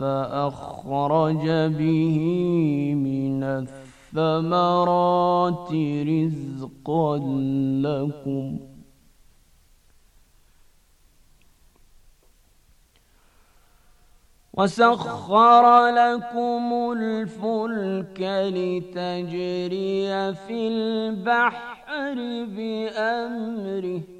فأخرج به من الثمرات رزقا لكم وسخر لكم الفلك لتجري في البحر بأمره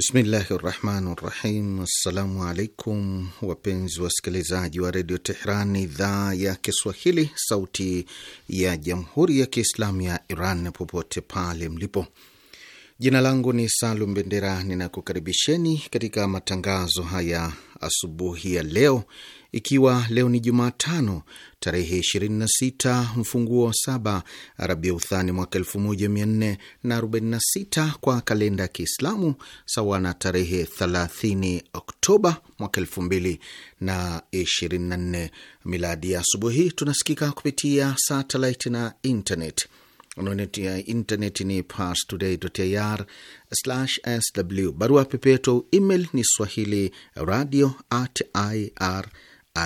Bismillahi rahmani rahim. Assalamu alaikum wapenzi wasikilizaji wa redio Tehran, idhaa ya Kiswahili, sauti ya jamhuri ya Kiislamu ya Iran, popote pale mlipo. Jina langu ni Salum Bendera, ninakukaribisheni katika matangazo haya asubuhi ya leo ikiwa leo ni Jumatano tarehe 26 mfunguo wa saba Arabia Uthani mwaka 1446 kwa kalenda ya Kiislamu, sawa na tarehe 30 Oktoba mwaka 2024 miladi. Ya asubuhi tunasikika kupitia satelit na internet. Anwani ya intaneti ni parstoday.ir/sw. Barua pepe email ni swahili radio at ir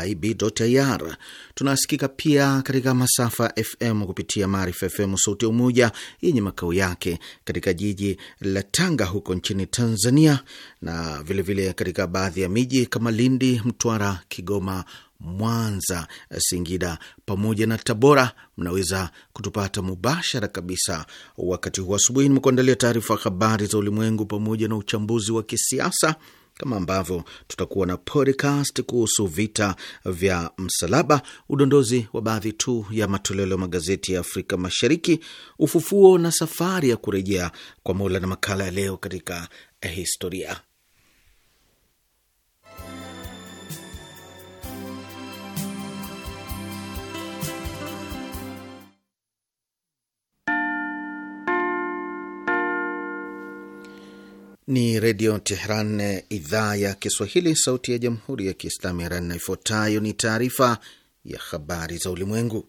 IB.ir. Tunasikika pia katika masafa FM kupitia Maarifa FM Sauti ya Umoja yenye makao yake katika jiji la Tanga huko nchini Tanzania, na vilevile vile katika baadhi ya miji kama Lindi, Mtwara, Kigoma, Mwanza, Singida pamoja na Tabora. Mnaweza kutupata mubashara kabisa wakati huu asubuhi. Nimekuandalia taarifa habari za ulimwengu pamoja na uchambuzi wa kisiasa kama ambavyo tutakuwa na podcast kuhusu vita vya msalaba, udondozi wa baadhi tu ya matoleo ya magazeti ya Afrika Mashariki, ufufuo na safari ya kurejea kwa Mola na makala ya leo katika historia. Ni Redio Tehran, idhaa ya Kiswahili, sauti ya Jamhuri ya Kiislamu ya Iran. Na ifuatayo ni taarifa ya habari za ulimwengu,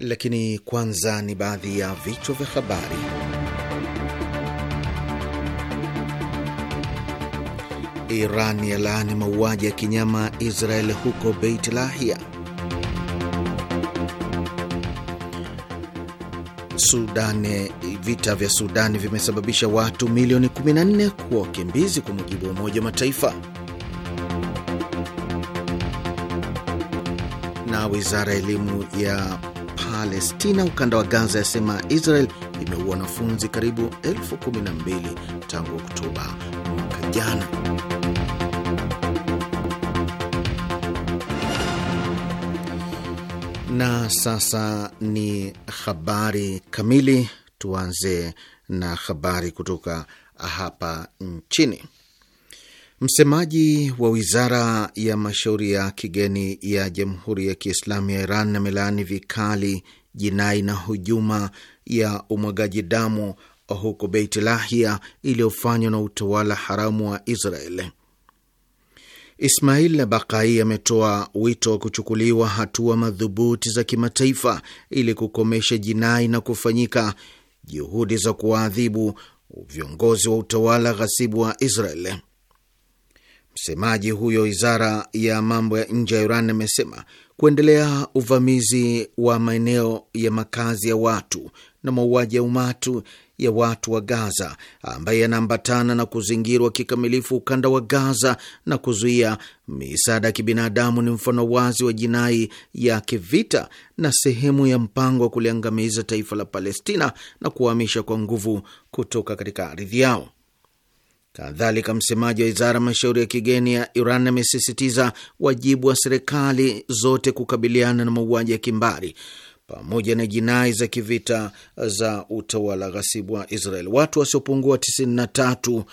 lakini kwanza ni baadhi ya vichwa vya habari. Iran ya laani mauaji ya kinyama Israel huko Beit Lahia. Sudani, vita vya Sudani vimesababisha watu milioni 14 kuwa wakimbizi kwa mujibu wa Umoja wa Mataifa. Na wizara ya elimu ya Palestina ukanda wa Gaza yasema Israel imeua wanafunzi karibu elfu 12 tangu Oktoba mwaka jana. Na sasa ni habari kamili. Tuanze na habari kutoka hapa nchini. Msemaji wa wizara ya mashauri ya kigeni ya Jamhuri ya Kiislamu ya Iran amelaani vikali jinai na hujuma ya umwagaji damu huko Beit Lahia iliyofanywa na utawala haramu wa Israel. Ismail Bakai ametoa wito wa kuchukuliwa hatua madhubuti za kimataifa ili kukomesha jinai na kufanyika juhudi za kuwaadhibu viongozi wa utawala ghasibu wa Israel. Msemaji huyo wizara ya mambo ya nje ya Iran amesema kuendelea uvamizi wa maeneo ya makazi ya watu na mauaji ya umatu ya watu wa Gaza ambaye yanaambatana na kuzingirwa kikamilifu ukanda wa Gaza na kuzuia misaada ya kibinadamu ni mfano wazi wa jinai ya kivita na sehemu ya mpango wa kuliangamiza taifa la Palestina na kuwahamisha kwa nguvu kutoka katika ardhi yao. Kadhalika, msemaji wa wizara mashauri ya kigeni ya Iran amesisitiza wajibu wa serikali zote kukabiliana na mauaji ya kimbari pamoja na jinai za kivita za utawala ghasibu wa Israel. Watu wasiopungua 93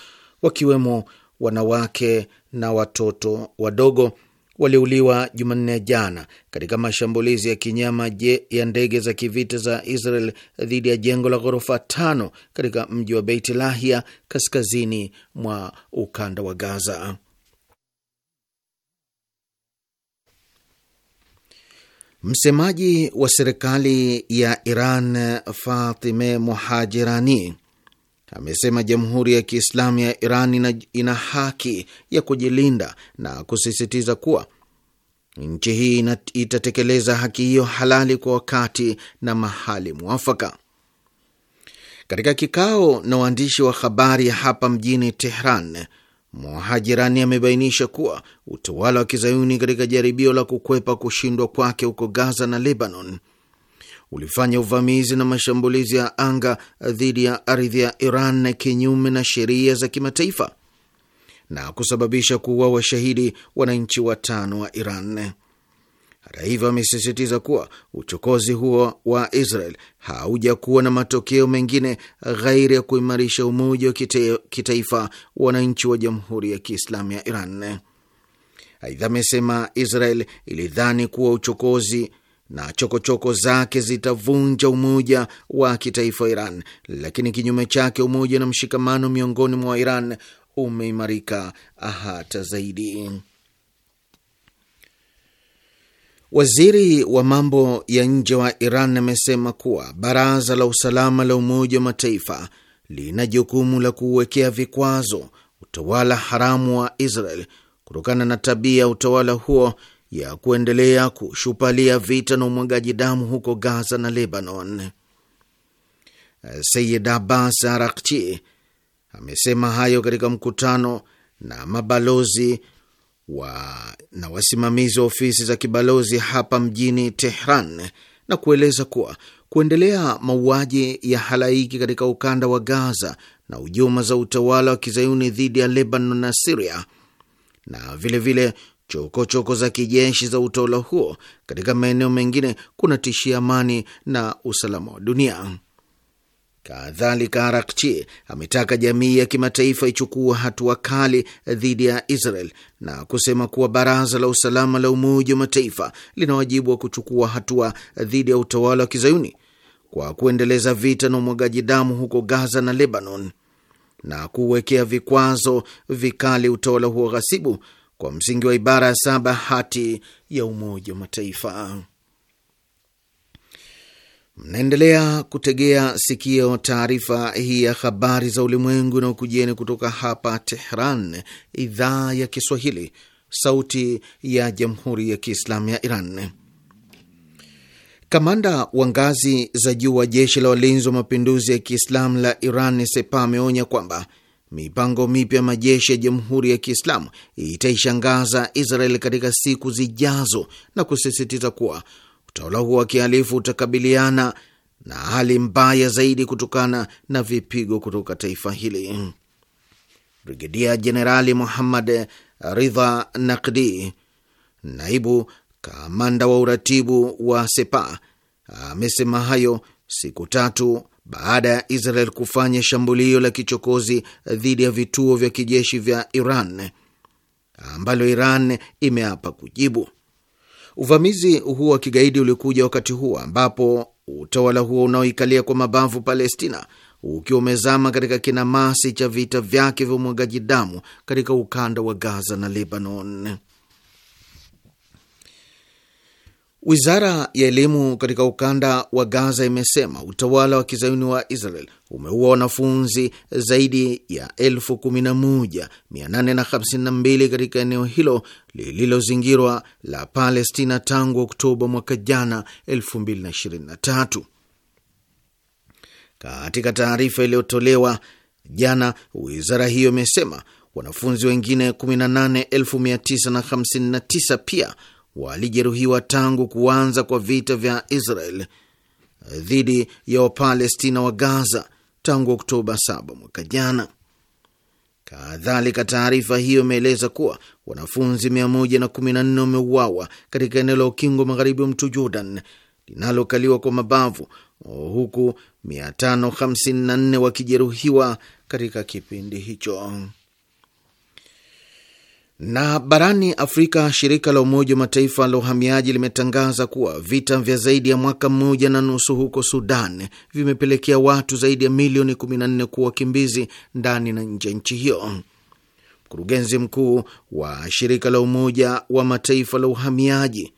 wakiwemo wanawake na watoto wadogo waliuliwa Jumanne jana katika mashambulizi ya kinyama je, ya ndege za kivita za Israel dhidi ya jengo la ghorofa tano katika mji wa Beit Lahia kaskazini mwa ukanda wa Gaza. Msemaji wa serikali ya Iran Fatime Muhajirani amesema Jamhuri ya Kiislamu ya Iran ina haki ya kujilinda na kusisitiza kuwa nchi hii itatekeleza haki hiyo halali kwa wakati na mahali mwafaka. Katika kikao na waandishi wa habari hapa mjini Tehran, Mohajirani amebainisha kuwa utawala wa kizayuni katika jaribio la kukwepa kushindwa kwake huko Gaza na Lebanon ulifanya uvamizi na mashambulizi ya anga dhidi ya ardhi ya Iran kinyume na sheria za kimataifa na kusababisha kuwa washahidi wananchi watano wa Iran. Hata hivyo, amesisitiza kuwa uchokozi huo wa Israel haujakuwa na matokeo mengine ghairi ya kuimarisha umoja wa kita, kitaifa wananchi wa Jamhuri ya Kiislamu ya Iran. Aidha, amesema Israel ilidhani kuwa uchokozi na chokochoko -choko zake zitavunja umoja wa kitaifa wa Iran, lakini kinyume chake, umoja na mshikamano miongoni mwa Iran umeimarika hata zaidi. Waziri wa mambo ya nje wa Iran amesema kuwa baraza la usalama la Umoja wa Mataifa lina jukumu la kuwekea vikwazo utawala haramu wa Israel kutokana na tabia ya utawala huo ya kuendelea kushupalia vita na umwagaji damu huko Gaza na Lebanon. Sayid Abbas Arakchi amesema hayo katika mkutano na mabalozi wa na wasimamizi wa ofisi za kibalozi hapa mjini Tehran na kueleza kuwa kuendelea mauaji ya halaiki katika ukanda wa Gaza na hujuma za utawala wa kizayuni dhidi ya Lebanon na Siria na vilevile chokochoko za kijeshi za utawala huo katika maeneo mengine kunatishia amani na usalama wa dunia. Kadhalika, Arakchi ametaka jamii ya kimataifa ichukua hatua kali dhidi ya Israel na kusema kuwa Baraza la Usalama la Umoja wa Mataifa lina wajibu wa kuchukua hatua dhidi ya utawala wa kizayuni kwa kuendeleza vita na umwagaji damu huko Gaza na Lebanon na kuwekea vikwazo vikali utawala huo ghasibu kwa msingi wa ibara ya saba hati ya Umoja wa Mataifa. Mnaendelea kutegea sikio taarifa hii ya habari za ulimwengu na ukujieni kutoka hapa Tehran, idhaa ya Kiswahili, sauti ya jamhuri ya kiislamu ya Iran. Kamanda wa ngazi za juu wa jeshi la walinzi wa mapinduzi ya kiislamu la Iran Sepa ameonya kwamba mipango mipya ya majeshi ya jamhuri ya kiislamu itaishangaza Israel katika siku zijazo na kusisitiza kuwa Utawala huo wa kihalifu utakabiliana na hali mbaya zaidi kutokana na vipigo kutoka taifa hili. Brigedia Jenerali Muhammad Ridha Nakdi, naibu kamanda wa uratibu wa Sepa, amesema hayo siku tatu baada ya Israel kufanya shambulio la kichokozi dhidi ya vituo vya kijeshi vya Iran ambalo Iran imeapa kujibu. Uvamizi huo wa kigaidi ulikuja wakati huo ambapo utawala huo unaoikalia kwa mabavu Palestina ukiwa umezama katika kinamasi cha vita vyake vya umwagaji damu katika ukanda wa Gaza na Lebanon. Wizara ya elimu katika ukanda wa Gaza imesema utawala wa kizayuni wa Israel umeua wanafunzi zaidi ya 11852 katika eneo hilo lililozingirwa la Palestina tangu Oktoba mwaka jana 2023. Katika taarifa iliyotolewa jana, wizara hiyo imesema wanafunzi wengine 18959 pia walijeruhiwa tangu kuanza kwa vita vya Israel dhidi ya Wapalestina wa Gaza tangu Oktoba 7 mwaka jana. Kadhalika, taarifa hiyo imeeleza kuwa wanafunzi 114 wameuawa katika eneo la ukingo magharibi wa mto Jordan linalokaliwa kwa mabavu, huku 554 wakijeruhiwa katika kipindi hicho. Na barani Afrika, shirika la Umoja wa Mataifa la uhamiaji limetangaza kuwa vita vya zaidi ya mwaka mmoja na nusu huko Sudan vimepelekea watu zaidi ya milioni 14 kuwa wakimbizi ndani na nje ya nchi hiyo. Mkurugenzi mkuu wa shirika la Umoja wa Mataifa la uhamiaji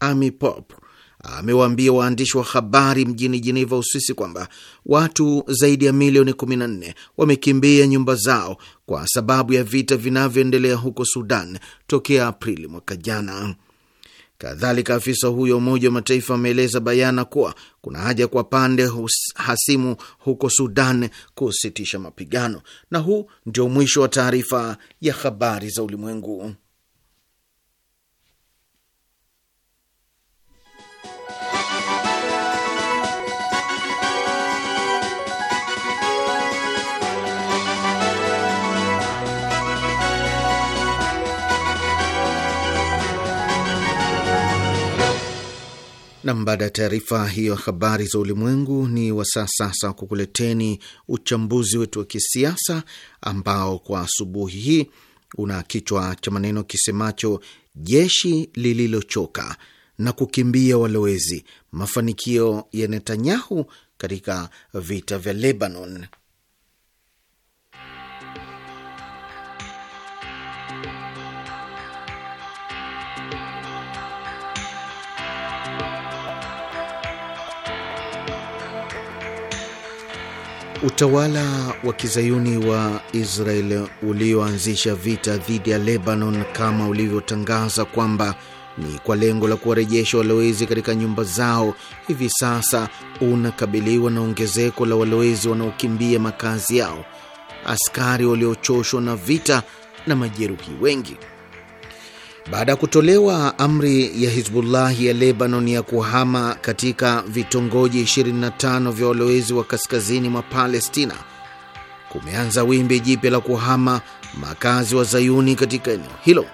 Amy Pope amewaambia waandishi wa habari mjini Jeneva, Uswisi, kwamba watu zaidi ya milioni 14 wamekimbia nyumba zao kwa sababu ya vita vinavyoendelea huko Sudan tokea Aprili mwaka jana. Kadhalika, afisa huyo Umoja wa Mataifa ameeleza bayana kuwa kuna haja kwa pande hasimu huko Sudan kusitisha mapigano. Na huu ndio mwisho wa taarifa ya habari za ulimwengu. Nam, baada ya taarifa hiyo habari za ulimwengu, ni wasaa sasa wa kukuleteni uchambuzi wetu wa kisiasa ambao kwa asubuhi hii una kichwa cha maneno kisemacho jeshi lililochoka na kukimbia walowezi, mafanikio ya Netanyahu katika vita vya Lebanon. Utawala wa kizayuni wa Israel ulioanzisha vita dhidi ya Lebanon kama ulivyotangaza kwamba ni kwa lengo la kuwarejesha walowezi katika nyumba zao, hivi sasa unakabiliwa na ongezeko la walowezi wanaokimbia makazi yao, askari waliochoshwa na vita na majeruhi wengi. Baada ya kutolewa amri ya Hizbullah ya Lebanon ya kuhama katika vitongoji 25 vya walowezi wa kaskazini mwa Palestina, kumeanza wimbi jipya la kuhama makazi wa Zayuni katika eneo hilo.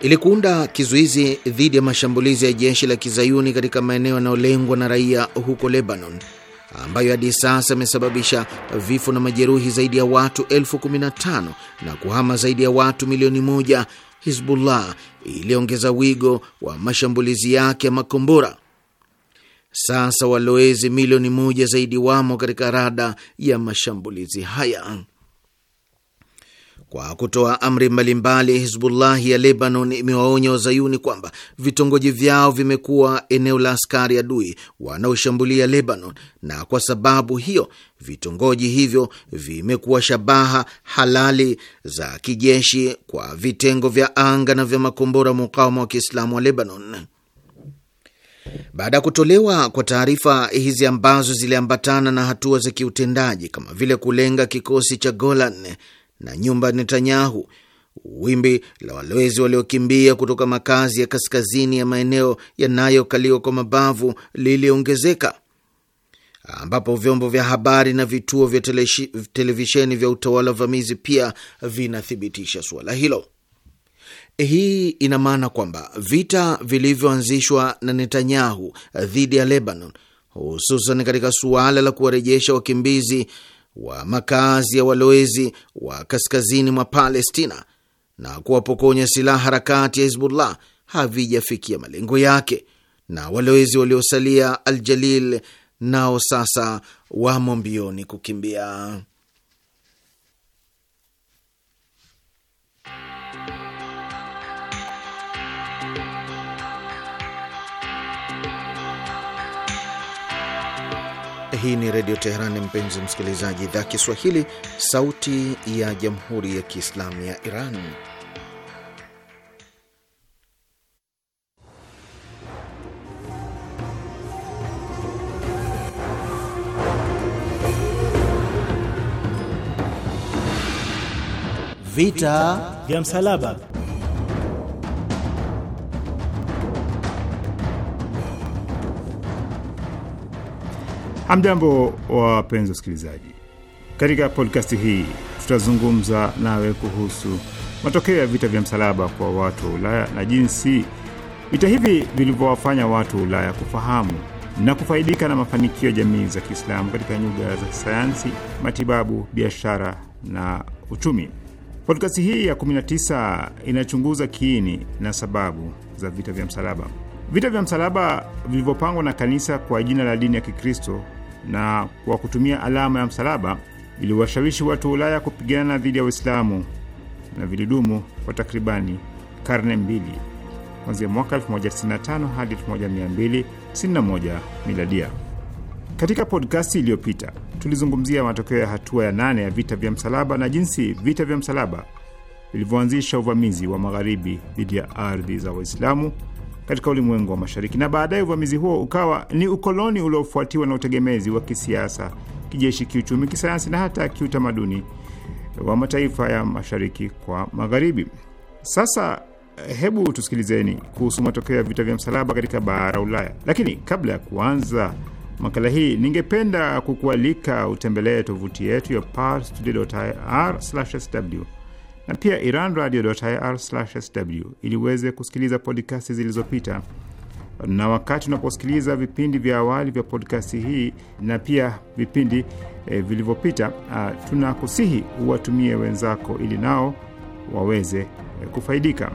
Ili kuunda kizuizi dhidi ya mashambulizi ya jeshi la kizayuni katika maeneo yanayolengwa na raia huko Lebanon, ambayo hadi sasa amesababisha vifo na majeruhi zaidi ya watu elfu na kuhama zaidi ya watu milioni moja Hizbullah iliongeza wigo wa mashambulizi yake ya makombora. Sasa walowezi milioni moja zaidi wamo katika rada ya mashambulizi haya kwa kutoa amri mbalimbali. Hizbullahi ya Lebanon imewaonya wazayuni kwamba vitongoji vyao vimekuwa eneo la askari adui wanaoshambulia Lebanon, na kwa sababu hiyo vitongoji hivyo vimekuwa shabaha halali za kijeshi kwa vitengo vya anga na vya makombora mukawama wa Kiislamu wa Lebanon. Baada ya kutolewa kwa taarifa hizi ambazo ziliambatana na hatua za kiutendaji kama vile kulenga kikosi cha Golan na nyumba Netanyahu. Wimbi la walowezi waliokimbia kutoka makazi ya kaskazini ya maeneo yanayokaliwa kwa mabavu liliongezeka, ambapo vyombo vya habari na vituo vya televisheni vya utawala vamizi pia vinathibitisha suala hilo. Hii ina maana kwamba vita vilivyoanzishwa na Netanyahu dhidi ya Lebanon, hususan katika suala la kuwarejesha wakimbizi wa makazi ya walowezi wa kaskazini mwa Palestina na kuwapokonya silaha harakati ya Hizbullah havijafikia malengo yake, na walowezi waliosalia Aljalil nao sasa wamo mbioni kukimbia. Hii ni Redio Teheran, mpenzi msikilizaji, idhaa Kiswahili, sauti ya jamhuri ya kiislamu ya Iran. Vita vya msalaba Hamjambo, wapenzi wasikilizaji. Katika podkasti hii tutazungumza nawe kuhusu matokeo ya vita vya msalaba kwa watu wa Ulaya na jinsi vita hivi vilivyowafanya watu wa Ulaya kufahamu na kufaidika na mafanikio ya jamii za Kiislamu katika nyuga za sayansi, matibabu, biashara na uchumi. Podkasti hii ya 19 inachunguza kiini na sababu za vita vya msalaba. Vita vya msalaba vilivyopangwa na kanisa kwa jina la dini ya Kikristo na kwa kutumia alama ya msalaba viliwashawishi watu wa Ulaya kupigana dhidi ya Uislamu na vilidumu kwa takribani karne mbili kuanzia mwaka 1965 hadi 1261 miladia. Katika podkasti iliyopita tulizungumzia matokeo ya hatua ya nane ya vita vya msalaba na jinsi vita vya msalaba vilivyoanzisha uvamizi wa magharibi dhidi ya ardhi za Waislamu katika ulimwengu wa Mashariki, na baadaye uvamizi huo ukawa ni ukoloni uliofuatiwa na utegemezi wa kisiasa, kijeshi, kiuchumi, kisayansi na hata kiutamaduni wa mataifa ya Mashariki kwa Magharibi. Sasa eh, hebu tusikilizeni kuhusu matokeo ya vita vya msalaba katika bara Ulaya, lakini kabla ya kuanza makala hii ningependa kukualika utembelee tovuti yetu ya parstoday.ir/sw na pia iranradio.ir/sw ili uweze kusikiliza podkasti zilizopita na wakati unaposikiliza vipindi vya awali vya podkasti hii na pia vipindi e, vilivyopita, ah, tunakusihi uwatumie wenzako ili nao waweze e, kufaidika.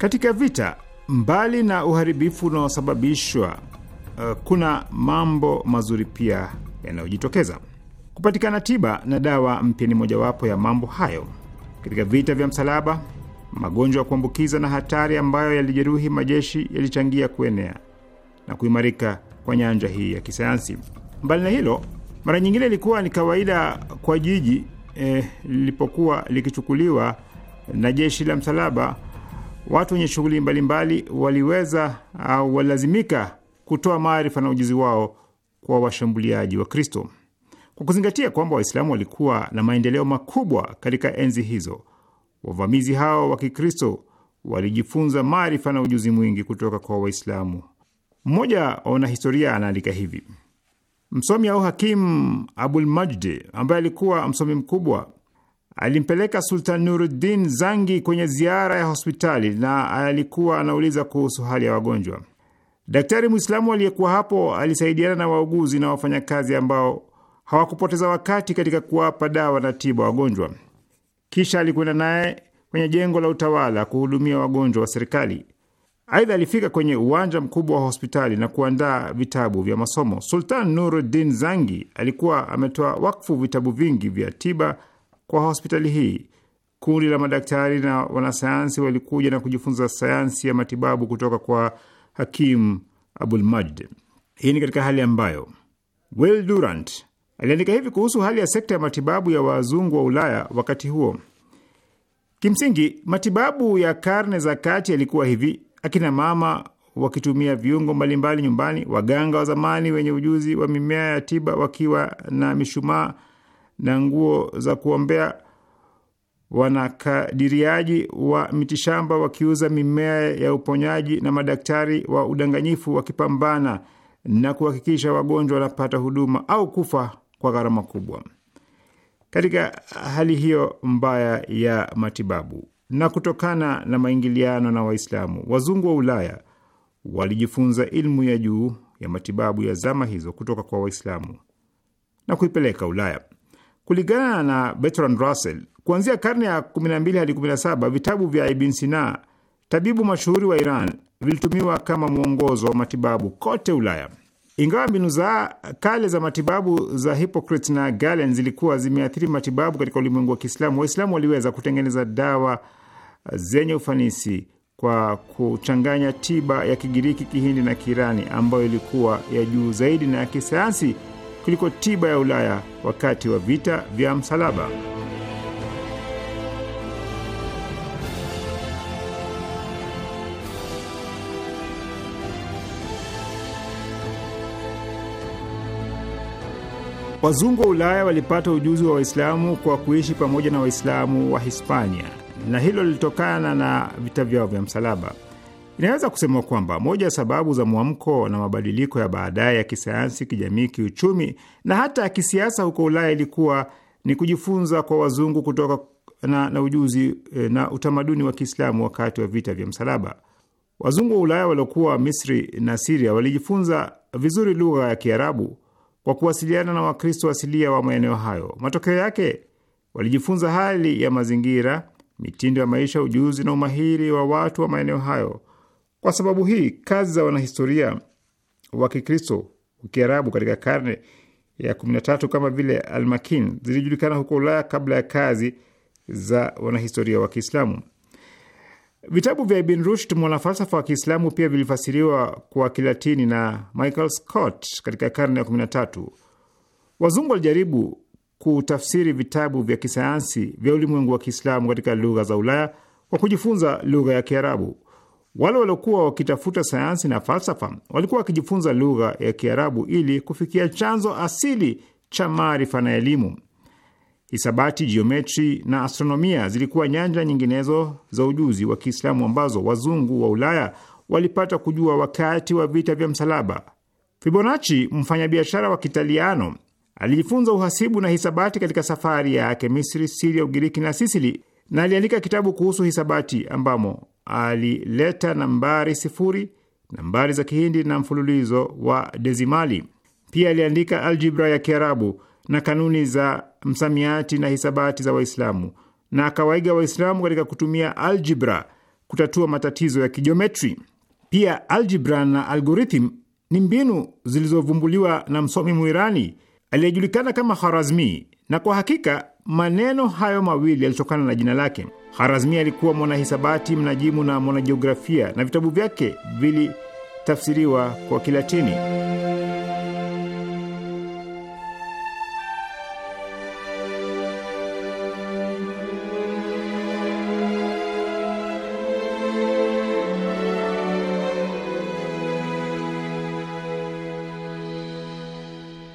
Katika vita, mbali na uharibifu unaosababishwa, uh, kuna mambo mazuri pia yanayojitokeza. Kupatikana tiba na dawa mpya ni mojawapo ya mambo hayo. Katika vita vya msalaba, magonjwa ya kuambukiza na hatari ambayo yalijeruhi majeshi yalichangia kuenea na kuimarika kwa nyanja hii ya kisayansi. Mbali na hilo, mara nyingine ilikuwa ni kawaida kwa jiji eh, lilipokuwa eh, likichukuliwa na jeshi la msalaba watu wenye shughuli mbalimbali waliweza au walilazimika kutoa maarifa na ujuzi wao kwa washambuliaji wa Kristo. Kwa kuzingatia kwamba Waislamu walikuwa na maendeleo makubwa katika enzi hizo, wavamizi hao wa Kikristo walijifunza maarifa na ujuzi mwingi kutoka kwa Waislamu. Mmoja wa wanahistoria anaandika hivi: msomi au hakimu Abulmajdi ambaye alikuwa msomi mkubwa alimpeleka Sultan Nuruddin Zangi kwenye ziara ya hospitali na alikuwa anauliza kuhusu hali ya wagonjwa. Daktari Mwislamu aliyekuwa hapo alisaidiana na wauguzi na wafanyakazi ambao hawakupoteza wakati katika kuwapa dawa na tiba wagonjwa. Kisha alikwenda naye kwenye jengo la utawala kuhudumia wagonjwa wa serikali. Aidha, alifika kwenye uwanja mkubwa wa hospitali na kuandaa vitabu vya masomo. Sultan Nuruddin Zangi alikuwa ametoa wakfu vitabu vingi vya tiba kwa hospitali hii. Kundi la madaktari na wanasayansi walikuja na kujifunza sayansi ya matibabu kutoka kwa Hakim Abulmajd. Hii ni katika hali ambayo Will Durant aliandika hivi kuhusu hali ya sekta ya matibabu ya wazungu wa Ulaya wakati huo: kimsingi matibabu ya karne za kati yalikuwa hivi, akina mama wakitumia viungo mbalimbali nyumbani, waganga wa zamani wenye ujuzi wa mimea ya tiba wakiwa na mishumaa na nguo za kuombea, wanakadiriaji wa mitishamba wakiuza mimea ya uponyaji na madaktari wa udanganyifu wakipambana na kuhakikisha wagonjwa wanapata huduma au kufa kwa gharama kubwa. Katika hali hiyo mbaya ya matibabu na kutokana na maingiliano na Waislamu, wazungu wa Ulaya walijifunza ilmu ya juu ya matibabu ya zama hizo kutoka kwa Waislamu na kuipeleka Ulaya. Kulingana na Bertrand Russell, kuanzia karne ya 12 hadi 17 vitabu vya Ibn Sina, tabibu mashuhuri wa Iran, vilitumiwa kama mwongozo wa matibabu kote Ulaya. Ingawa mbinu za kale za matibabu za Hippocrates na Galen zilikuwa zimeathiri matibabu katika ulimwengu wa Kiislamu, Waislamu waliweza kutengeneza dawa zenye ufanisi kwa kuchanganya tiba ya Kigiriki, Kihindi na Kiirani ambayo ilikuwa ya juu zaidi na ya kisayansi kuliko tiba ya Ulaya wakati wa vita vya msalaba. Wazungu wa Ulaya walipata ujuzi wa Waislamu kwa kuishi pamoja na Waislamu wa Hispania, na hilo lilitokana na vita vyao vya msalaba. Inaweza kusemwa kwamba moja ya sababu za mwamko na mabadiliko ya baadaye ya kisayansi, kijamii, kiuchumi na hata ya kisiasa huko Ulaya ilikuwa ni kujifunza kwa wazungu kutoka na, na ujuzi eh, na utamaduni wa Kiislamu wakati wa vita vya msalaba. Wazungu wa Ulaya waliokuwa Misri na Siria walijifunza vizuri lugha ya Kiarabu kwa kuwasiliana na Wakristo asilia wa maeneo hayo. Matokeo yake walijifunza hali ya mazingira, mitindo ya maisha, ujuzi na umahiri wa watu wa maeneo hayo. Kwa sababu hii, kazi za wanahistoria wa Kikristo wa Kiarabu katika karne ya 13 kama vile Almakin zilijulikana huko Ulaya kabla ya kazi za wanahistoria wa Kiislamu. Vitabu vya Ibn Rushd, mwanafalsafa wa Kiislamu, pia vilifasiriwa kwa Kilatini na Michael Scott katika karne ya 13. Wazungu walijaribu kutafsiri vitabu vya kisayansi vya ulimwengu wa Kiislamu katika lugha za Ulaya kwa kujifunza lugha ya Kiarabu. Wale waliokuwa wakitafuta sayansi na falsafa walikuwa wakijifunza lugha ya Kiarabu ili kufikia chanzo asili cha maarifa na elimu. Hisabati, jiometri na astronomia zilikuwa nyanja nyinginezo za ujuzi wa Kiislamu ambazo wazungu wa Ulaya walipata kujua wakati wa vita vya msalaba. Fibonacci, mfanyabiashara wa Kitaliano, alijifunza uhasibu na hisabati katika safari yake Misri, Siria, Ugiriki na Sisili, na aliandika kitabu kuhusu hisabati ambamo alileta nambari sifuri, nambari za Kihindi na mfululizo wa dezimali. Pia aliandika aljibra ya Kiarabu na kanuni za msamiati na hisabati za Waislamu na akawaiga Waislamu katika kutumia aljibra kutatua matatizo ya kijiometri. Pia aljibra na algorithm ni mbinu zilizovumbuliwa na msomi Mwirani aliyejulikana kama Kharazmi, na kwa hakika maneno hayo mawili yalitokana na jina lake. Harazmi alikuwa mwanahisabati, mnajimu na mwanajiografia na vitabu vyake vilitafsiriwa kwa Kilatini.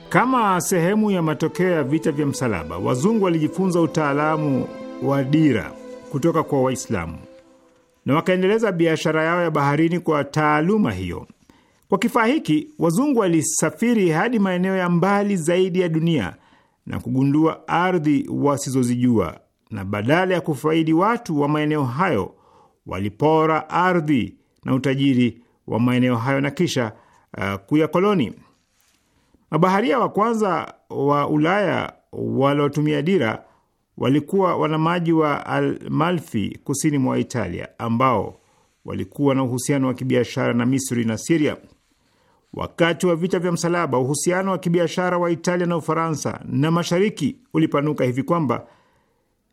Kama sehemu ya matokeo ya vita vya msalaba, wazungu walijifunza utaalamu wa dira kutoka kwa Waislamu na wakaendeleza biashara yao ya baharini kwa taaluma hiyo. Kwa kifaa hiki wazungu walisafiri hadi maeneo ya mbali zaidi ya dunia na kugundua ardhi wasizozijua, na badala ya kufaidi watu wa maeneo hayo walipora ardhi na utajiri wa maeneo hayo na kisha uh, kuyakoloni. Mabaharia wa kwanza wa Ulaya waliotumia dira walikuwa wanamaji wa Almalfi kusini mwa Italia ambao walikuwa na uhusiano wa kibiashara na Misri na Siria. Wakati wa vita vya msalaba, uhusiano wa kibiashara wa Italia na Ufaransa na mashariki ulipanuka hivi kwamba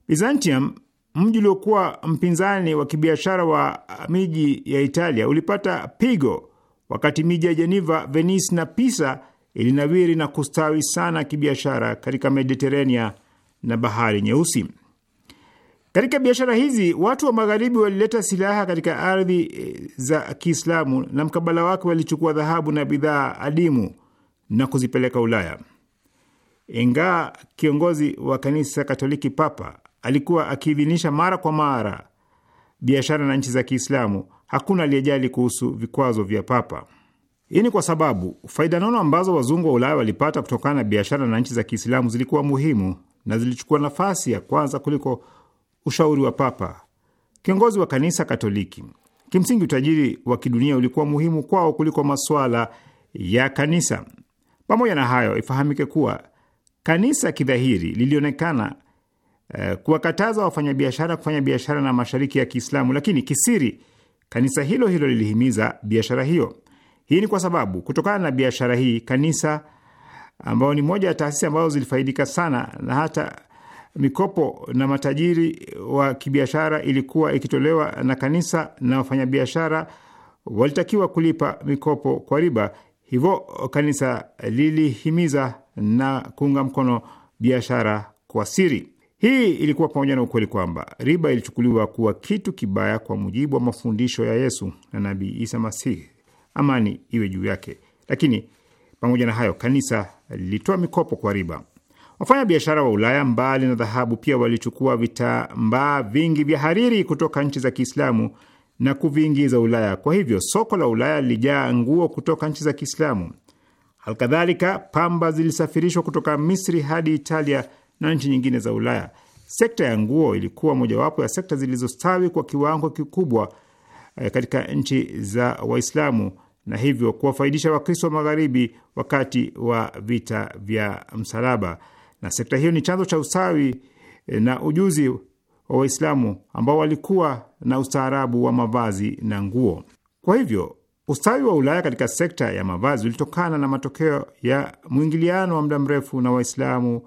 Byzantium, mji uliokuwa mpinzani wa kibiashara wa miji ya Italia, ulipata pigo, wakati miji ya jeneva Venice na Pisa ilinawiri na kustawi sana kibiashara katika Mediterania na Bahari Nyeusi. Katika biashara hizi watu wa magharibi walileta silaha katika ardhi eh, za Kiislamu na mkabala wake walichukua dhahabu na bidhaa adimu na kuzipeleka Ulaya. Ingawa kiongozi wa kanisa Katoliki Papa alikuwa akiidhinisha mara kwa mara biashara na nchi za Kiislamu, hakuna aliyejali kuhusu vikwazo vya Papa. Hii ni kwa sababu faida nono ambazo wazungu wa Ulaya walipata kutokana na biashara na nchi za Kiislamu zilikuwa muhimu na zilichukua nafasi ya kwanza kuliko ushauri wa Papa, kiongozi wa kanisa Katoliki. Kimsingi, utajiri wa kidunia ulikuwa muhimu kwao kuliko masuala ya kanisa. Pamoja na hayo, ifahamike kuwa kanisa kidhahiri lilionekana eh, kuwakataza wafanyabiashara kufanya biashara na mashariki ya Kiislamu, lakini kisiri kanisa hilo hilo lilihimiza biashara hiyo. Hii ni kwa sababu kutokana na biashara hii kanisa ambao ni moja ya taasisi ambazo zilifaidika sana na hata mikopo na matajiri wa kibiashara ilikuwa ikitolewa na kanisa na wafanyabiashara walitakiwa kulipa mikopo kwa riba. Hivyo kanisa lilihimiza na kuunga mkono biashara kwa siri. Hii ilikuwa pamoja na ukweli kwamba riba ilichukuliwa kuwa kitu kibaya kwa mujibu wa mafundisho ya Yesu na Nabii Isa Masihi, amani iwe juu yake. Lakini pamoja na hayo, kanisa lilitoa mikopo kwa riba. Wafanya biashara wa Ulaya, mbali na dhahabu, pia walichukua vitambaa vingi vya hariri kutoka nchi za Kiislamu na kuviingiza Ulaya. Kwa hivyo soko la Ulaya lilijaa nguo kutoka nchi za Kiislamu. Alkadhalika, pamba zilisafirishwa kutoka Misri hadi Italia na nchi nyingine za Ulaya. Sekta ya nguo ilikuwa mojawapo ya sekta zilizostawi kwa kiwango kikubwa eh, katika nchi za Waislamu na hivyo kuwafaidisha Wakristo wa magharibi wakati wa vita vya msalaba. Na sekta hiyo ni chanzo cha ustawi eh, na ujuzi wa Waislamu ambao walikuwa na ustaarabu wa mavazi na nguo. Kwa hivyo ustawi wa Ulaya katika sekta ya mavazi ulitokana na matokeo ya mwingiliano wa muda mrefu na Waislamu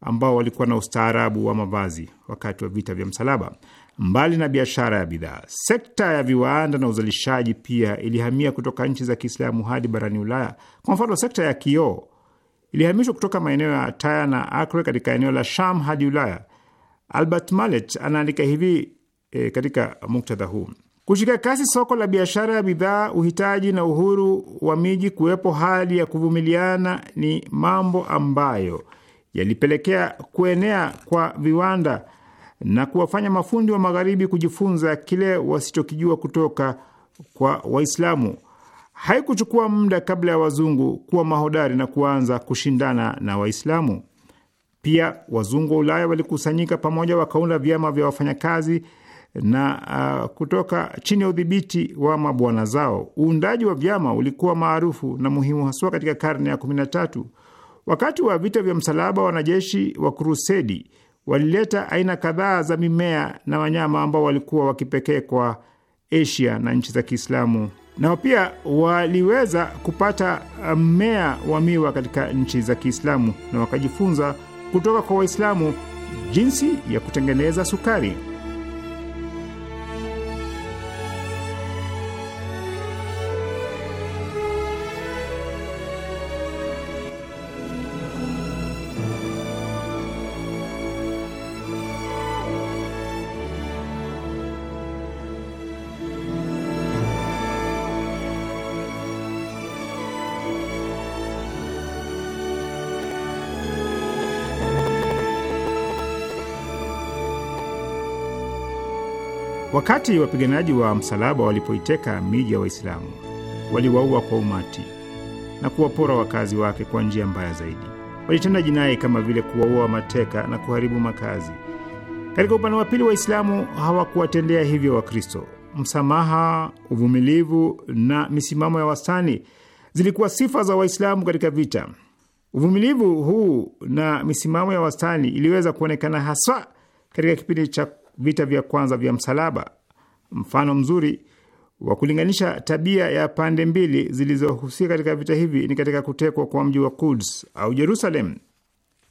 ambao walikuwa na ustaarabu wa mavazi wakati wa vita vya msalaba. Mbali na biashara ya bidhaa, sekta ya viwanda na uzalishaji pia ilihamia kutoka nchi za Kiislamu hadi barani Ulaya. Kwa mfano, sekta ya kioo ilihamishwa kutoka maeneo ya Tyre na Acre katika eneo la Sham hadi Ulaya. Albert Mallet anaandika hivi e, katika muktadha huu: kushika kasi soko la biashara ya bidhaa, uhitaji na uhuru wa miji, kuwepo hali ya kuvumiliana, ni mambo ambayo yalipelekea kuenea kwa viwanda na kuwafanya mafundi wa magharibi kujifunza kile wasichokijua kutoka kwa Waislamu. Haikuchukua muda kabla ya wazungu kuwa mahodari na kuanza kushindana na Waislamu. Pia wazungu wa Ulaya walikusanyika pamoja, wakaunda vyama vya wafanyakazi na uh, kutoka chini ya udhibiti wa mabwana zao. Uundaji wa vyama ulikuwa maarufu na muhimu haswa katika karne ya kumi na tatu. Wakati wa vita vya msalaba, wanajeshi wa Krusedi walileta aina kadhaa za mimea na wanyama ambao walikuwa wakipekee kwa Asia na nchi za Kiislamu. Nao pia waliweza kupata uh, mmea wa miwa katika nchi za Kiislamu na wakajifunza kutoka kwa Waislamu jinsi ya kutengeneza sukari. Wakati wapiganaji wa msalaba walipoiteka miji ya Waislamu, waliwaua kwa umati na kuwapora wakazi wake kwa njia mbaya zaidi. Walitenda jinai kama vile kuwaua mateka na kuharibu makazi. Katika upande wa pili, Waislamu hawakuwatendea hivyo Wakristo. Msamaha, uvumilivu na misimamo ya wastani zilikuwa sifa za Waislamu katika vita. Uvumilivu huu na misimamo ya wastani iliweza kuonekana haswa katika kipindi cha vita vya kwanza vya msalaba. Mfano mzuri wa kulinganisha tabia ya pande mbili zilizohusika katika vita hivi ni katika kutekwa kwa mji wa Quds au Jerusalem.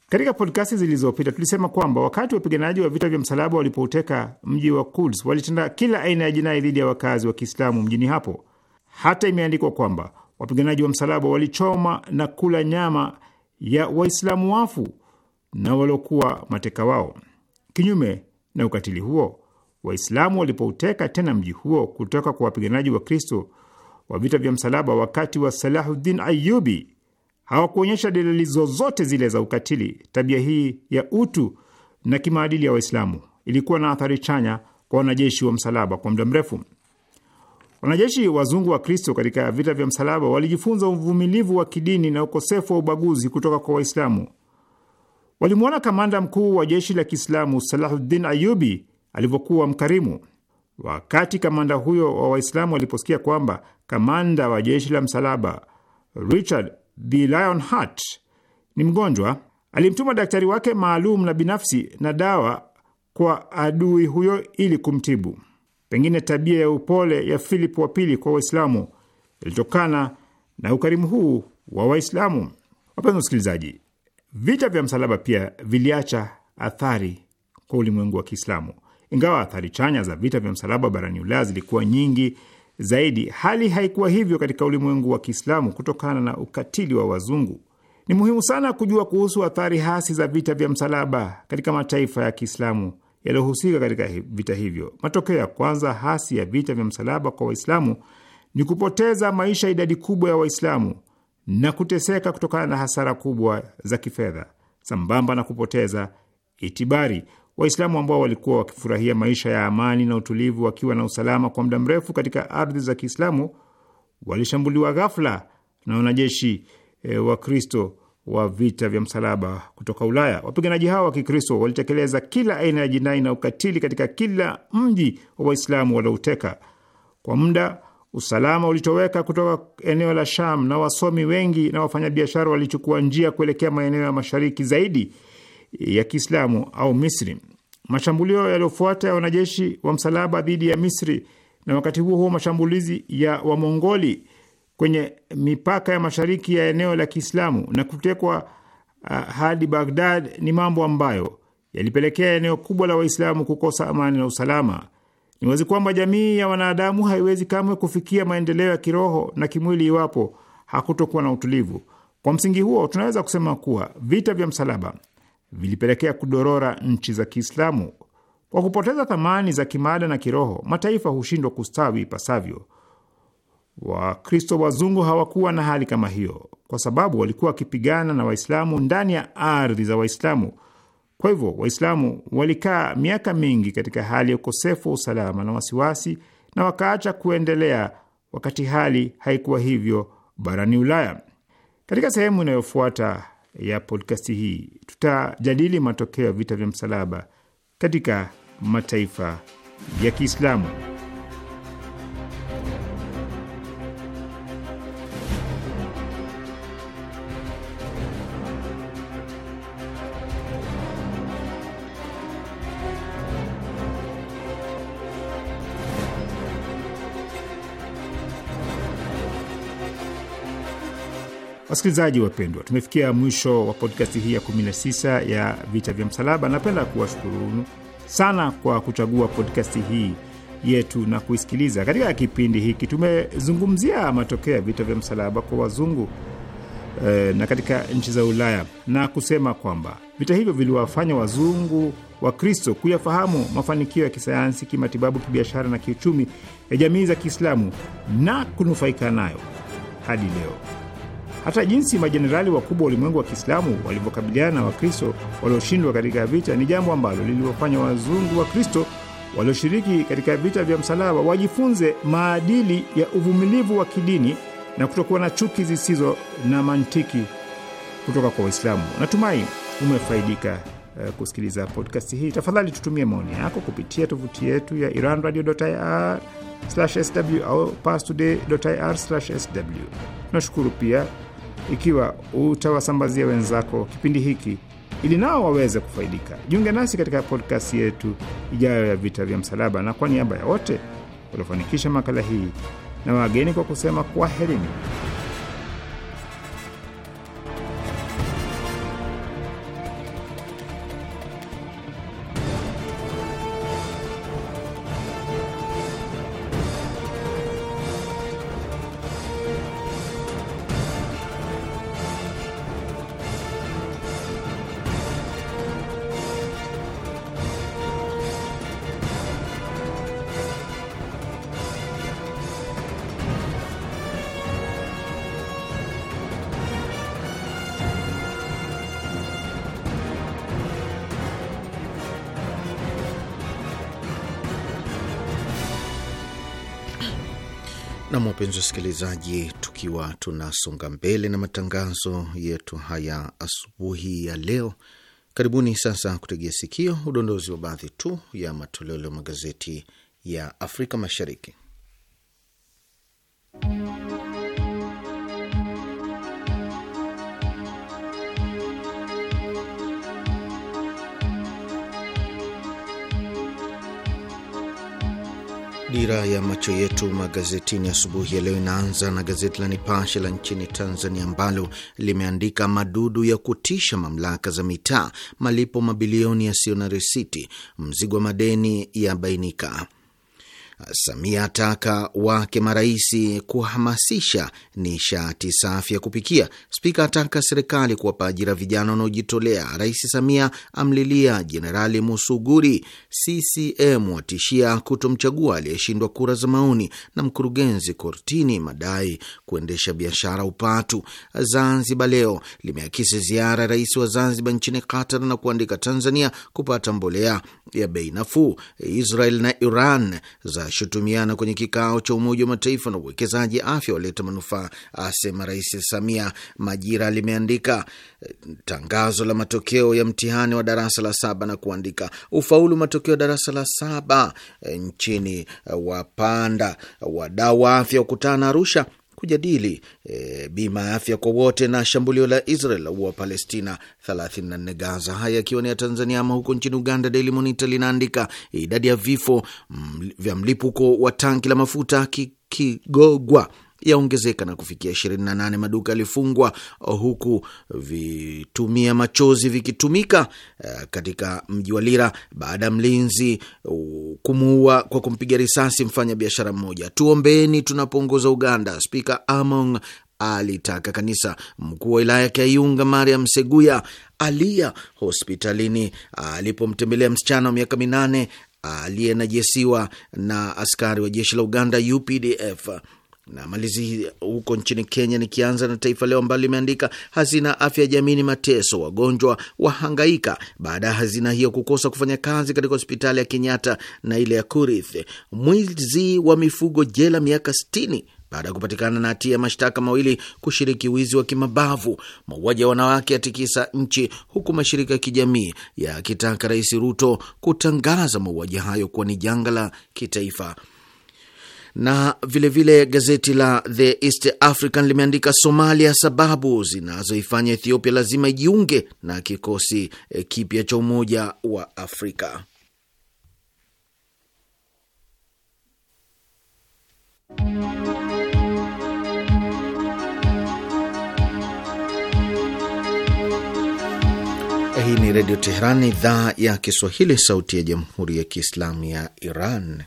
Katika podkasti zilizopita tulisema kwamba wakati wapiganaji wa vita vya msalaba walipouteka mji wa Quds walitenda kila aina ya jinai dhidi ya wakazi wa Kiislamu mjini hapo. Hata imeandikwa kwamba wapiganaji wa msalaba walichoma na kula nyama ya Waislamu wafu na waliokuwa mateka wao. Kinyume na ukatili huo. Waislamu walipouteka tena mji huo kutoka kwa wapiganaji wa Kristo wa vita vya msalaba wakati wa Salahuddin Ayubi, hawakuonyesha dalili zozote zile za ukatili. Tabia hii ya utu na kimaadili ya Waislamu ilikuwa na athari chanya kwa wanajeshi wa msalaba kwa muda mrefu. Wanajeshi wazungu wa Kristo katika vita vya msalaba walijifunza uvumilivu wa kidini na ukosefu wa ubaguzi kutoka kwa Waislamu. Walimwona kamanda mkuu wa jeshi la Kiislamu Salahuddin Ayubi alivyokuwa mkarimu. Wakati kamanda huyo wa Waislamu aliposikia kwamba kamanda wa jeshi la msalaba Richard the Lionheart ni mgonjwa, alimtuma daktari wake maalum na binafsi na dawa kwa adui huyo ili kumtibu. Pengine tabia ya upole ya Philip wa pili kwa Waislamu ilitokana na ukarimu huu wa Waislamu. Wapenzi wasikilizaji, Vita vya msalaba pia viliacha athari kwa ulimwengu wa Kiislamu. Ingawa athari chanya za vita vya msalaba barani Ulaya zilikuwa nyingi zaidi, hali haikuwa hivyo katika ulimwengu wa Kiislamu kutokana na ukatili wa wazungu. Ni muhimu sana kujua kuhusu athari hasi za vita vya msalaba katika mataifa ya Kiislamu yaliyohusika katika vita hivyo. Matokeo ya kwanza hasi ya vita vya msalaba kwa Waislamu ni kupoteza maisha idadi kubwa ya Waislamu na kuteseka kutokana na hasara kubwa za kifedha sambamba na kupoteza itibari. Waislamu ambao walikuwa wakifurahia maisha ya amani na utulivu wakiwa na usalama kwa muda mrefu katika ardhi za Kiislamu walishambuliwa ghafla na wanajeshi e, wa Kristo wa vita vya msalaba kutoka Ulaya. Wapiganaji hao wa Kikristo walitekeleza kila aina ya jinai na ukatili katika kila mji wa Waislamu walioteka. Kwa muda Usalama ulitoweka kutoka eneo la Sham na wasomi wengi na wafanyabiashara walichukua njia kuelekea maeneo ya mashariki zaidi ya Kiislamu au Misri. Mashambulio yaliyofuata ya wanajeshi wa msalaba dhidi ya Misri na wakati huo huo mashambulizi ya Wamongoli kwenye mipaka ya mashariki ya eneo la Kiislamu na kutekwa uh, hadi Baghdad ni mambo ambayo yalipelekea eneo kubwa la Waislamu kukosa amani na usalama. Ni wazi kwamba jamii ya wanadamu haiwezi kamwe kufikia maendeleo ya kiroho na kimwili iwapo hakutokuwa na utulivu. Kwa msingi huo, tunaweza kusema kuwa vita vya msalaba vilipelekea kudorora nchi za Kiislamu. Kwa kupoteza thamani za kimaada na kiroho, mataifa hushindwa kustawi ipasavyo. Wakristo wazungu hawakuwa na hali kama hiyo, kwa sababu walikuwa wakipigana na Waislamu ndani ya ardhi za Waislamu. Kwa hivyo Waislamu walikaa miaka mingi katika hali ya ukosefu wa usalama na wasiwasi na wakaacha kuendelea, wakati hali haikuwa hivyo barani Ulaya. Katika sehemu inayofuata ya podkasti hii tutajadili matokeo ya vita vya msalaba katika mataifa ya Kiislamu. Wasikilizaji wapendwa, tumefikia mwisho wa podkasti hii ya 19 ya Vita vya Msalaba. Napenda kuwashukuru sana kwa kuchagua podkasti hii yetu na kuisikiliza. Katika kipindi hiki tumezungumzia matokeo ya vita vya msalaba kwa wazungu e, na katika nchi za Ulaya na kusema kwamba vita hivyo viliwafanya wazungu wa Kristo kuyafahamu mafanikio ya kisayansi, kimatibabu, kibiashara na kiuchumi ya jamii za Kiislamu na kunufaika nayo hadi leo. Hata jinsi majenerali wakubwa ulimwengu wa Kiislamu walivyokabiliana na Wakristo walioshindwa katika vita ni jambo ambalo liliwafanya wazungu Wakristo walioshiriki katika vita vya msalaba wajifunze maadili ya uvumilivu wa kidini na kutokuwa na chuki zisizo na mantiki kutoka kwa Waislamu. Natumai umefaidika eh, kusikiliza podkasti hii. Tafadhali tutumie maoni yako kupitia tovuti yetu ya iranradio.ir/sw au parstoday.ir/sw. Nashukuru pia ikiwa utawasambazia wenzako kipindi hiki ili nao waweze kufaidika. Jiunge nasi katika podkasti yetu ijayo ya Vita vya Msalaba, na kwa niaba ya wote waliofanikisha makala hii na wageni kwa kusema kwaherini. Wapenzi wasikilizaji, tukiwa tunasonga mbele na matangazo yetu haya asubuhi ya leo, karibuni sasa kutegea sikio udondozi wa baadhi tu ya matoleo leo magazeti ya Afrika Mashariki. Dira ya macho yetu magazetini asubuhi ya leo inaanza na gazeti la Nipashe la nchini Tanzania ambalo limeandika madudu ya kutisha mamlaka za mitaa, malipo mabilioni yasiyo na risiti, mzigo wa madeni ya bainika Samia ataka wake maraisi kuhamasisha nishati safi ya kupikia. Spika ataka serikali kuwapa ajira vijana wanaojitolea. Rais Samia amlilia Jenerali Musuguri. CCM watishia kutomchagua aliyeshindwa kura za maoni. Na mkurugenzi kortini madai kuendesha biashara upatu. Zanzibar Leo limeakisi ziara ya rais wa Zanzibar nchini Qatar na kuandika Tanzania kupata mbolea ya bei nafuu. Israel na Iran za washutumiana kwenye kikao cha Umoja wa Mataifa na uwekezaji afya waleta manufaa, asema Rais Samia. Majira limeandika tangazo la matokeo ya mtihani wa darasa la saba na kuandika ufaulu matokeo ya darasa la saba nchini wapanda. Wadau wa afya wakutana Arusha kujadili e, bima ya afya kwa wote na shambulio la Israel la uwa Palestina 34 Gaza. Haya yakiwa ni ya Tanzania. Ama huko nchini Uganda, Daily Monitor linaandika idadi ya vifo mm, vya mlipuko wa tanki la mafuta Kigogwa yaongezeka na kufikia 28. Maduka yalifungwa uh, huku vitumia machozi vikitumika uh, katika mji wa Lira baada ya mlinzi uh, kumuua kwa kumpiga risasi mfanya biashara mmoja. tuombeni tunapoongoza Uganda, Spika Among alitaka kanisa. Mkuu wa wilaya ya Kayunga Mariam Seguya alia hospitalini alipomtembelea msichana wa miaka minane aliyenajesiwa na askari wa jeshi la Uganda UPDF. Namalizi huko nchini Kenya, nikianza na Taifa Leo ambalo limeandika hazina afya jamii ni mateso, wagonjwa wahangaika baada ya hazina hiyo kukosa kufanya kazi katika hospitali ya Kenyatta na ile ya Kurith. Mwizi wa mifugo jela miaka sitini baada ya kupatikana na hatia ya mashtaka mawili kushiriki wizi wa kimabavu. Mauaji ya wanawake yatikisa nchi, huku mashirika ya kijamii yakitaka Rais Ruto kutangaza mauaji hayo kuwa ni janga la kitaifa na vilevile vile gazeti la The East African limeandika Somalia, sababu zinazoifanya Ethiopia lazima ijiunge na kikosi e, kipya cha Umoja wa Afrika. Hii ni Redio Teheran, idhaa ya Kiswahili, sauti ya Jamhuri ya Kiislamu ya Iran.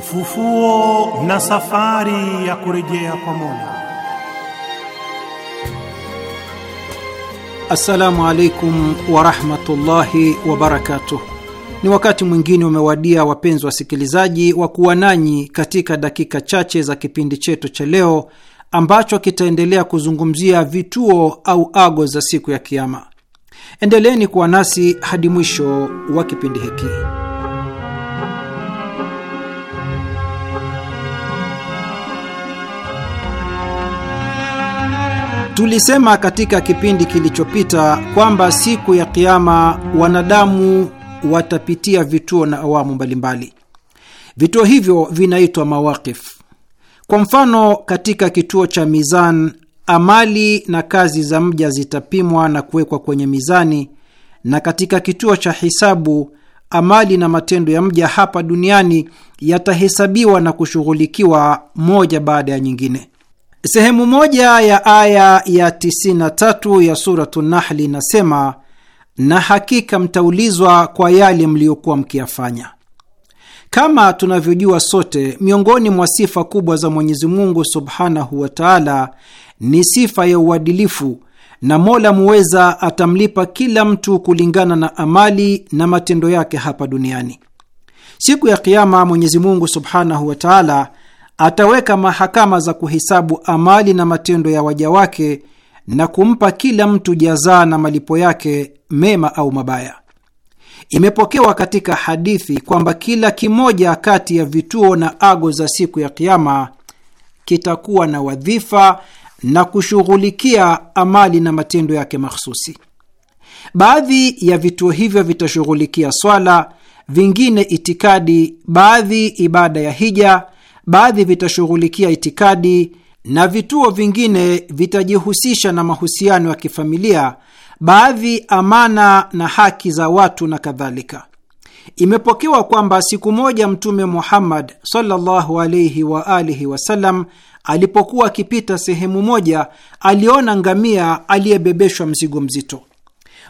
Ufufuo na safari ya kurejea kwa Mola. Assalamu alaikum warahmatullahi wabarakatuh. Ni wakati mwingine umewadia, wapenzi wasikilizaji, wa kuwa nanyi katika dakika chache za kipindi chetu cha leo ambacho kitaendelea kuzungumzia vituo au ago za siku ya Kiama. Endeleeni kuwa nasi hadi mwisho wa kipindi hiki. Tulisema katika kipindi kilichopita kwamba siku ya Kiama wanadamu watapitia vituo na awamu mbalimbali. Vituo hivyo vinaitwa mawakif. Kwa mfano, katika kituo cha mizani, amali na kazi za mja zitapimwa na kuwekwa kwenye mizani, na katika kituo cha hisabu, amali na matendo ya mja hapa duniani yatahesabiwa na kushughulikiwa moja baada ya nyingine. Sehemu moja ya aya ya 93 ya suratu Nahli inasema, na hakika mtaulizwa kwa yale mliyokuwa mkiyafanya. Kama tunavyojua sote, miongoni mwa sifa kubwa za Mwenyezi Mungu subhanahu wa taala ni sifa ya uadilifu, na Mola muweza atamlipa kila mtu kulingana na amali na matendo yake hapa duniani. Siku ya Kiama Mwenyezi Mungu subhanahu wa taala ataweka mahakama za kuhesabu amali na matendo ya waja wake na kumpa kila mtu jazaa na malipo yake mema au mabaya. Imepokewa katika hadithi kwamba kila kimoja kati ya vituo na ago za siku ya Kiama kitakuwa na wadhifa na kushughulikia amali na matendo yake mahsusi. Baadhi ya vituo hivyo vitashughulikia swala, vingine itikadi, baadhi ibada ya hija baadhi vitashughulikia itikadi na vituo vingine vitajihusisha na mahusiano ya kifamilia, baadhi amana na haki za watu na kadhalika. Imepokewa kwamba siku moja Mtume Muhammad sallallahu alaihi wa alihi wasallam alipokuwa akipita sehemu moja, aliona ngamia aliyebebeshwa mzigo mzito.